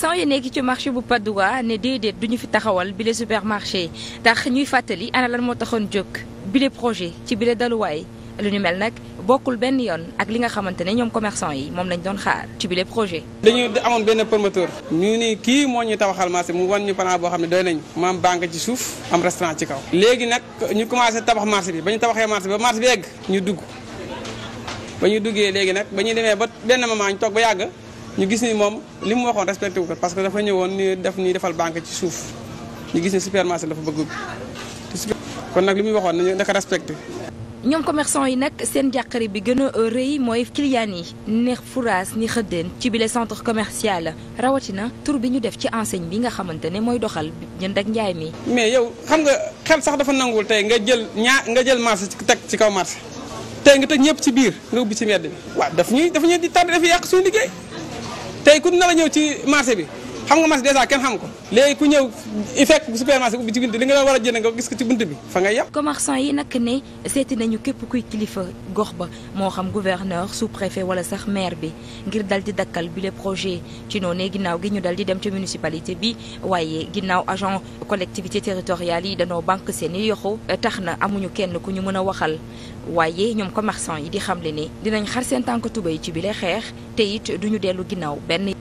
commerçant yi nekk ci marché bu Padoua ne déedéet duñu fi taxawal bile supermarché tax ñuy fàttali ana lan moo taxoon jóg bile projet ci bile daluwaay lu ñu mel nag bokkul benn yoon ak li nga xamante ne ñoom commerçant yi moom lañ doon xaar ci bile projet. dañu amoon benn promoteur. ñu ni kii moo ñu tabaxal marché mu wan ñu plan boo xam ne doy nañu. mu am banque ci suuf am restaurant ci kaw. léegi nag ñu commencé tabax marché bi ba ñu tabaxee marché bi ba marché ñu dugg ba ñu duggee léegi nag ba ñu demee ba benn moment ñu toog ba yàgg. ñu gis ni moom li mu waxoon respecté wu parce que dafa ñëwoon ni def nii defal banque ci suuf ñu gis ni supermarché dafa bëgg ubbi kon nag li muy waxoon nañu naka respecté. ñoom commerçant yi nag seen jàqare bi gën a rëy mooy clients yi neex furaas ni xëddeen ci bile centre commercial rawatina tur bi ñu def ci enseigne bi nga xamante ne mooy doxal jënd ak njaay mi. mais yow xam nga xel sax dafa nanguwul tey nga jël ñaa nga jël marché teg ci kaw marché tey nga teg ñëpp ci biir nga ubbi tey ku nar a ñëw ci marché bi xam nga marché dèjà kenn xam ko léegi ku ñëw i fekk supermarché ubbi ci bunt li nga doon war a jënd nga gis ko ci bunt bi fa nga yem commerçant yi nag ne seeti nañu képp kuy kilifa gox ba moo xam gouverneur sous préfet wala sax maire bi ngir dal di dakkal bule le projet ci noonee ginnaaw gi ñu dal di dem ci municipalité bi waaye ginnaaw agent collectivité territoriale yi danoo banque seen i yoxu tax na amuñu kenn ku ñu mën a waxal waaye ñoom commerçant yi di xamle ne dinañ xar seen tànk tubéy ci bi le xeex te it duñu dellu ginnaaw benn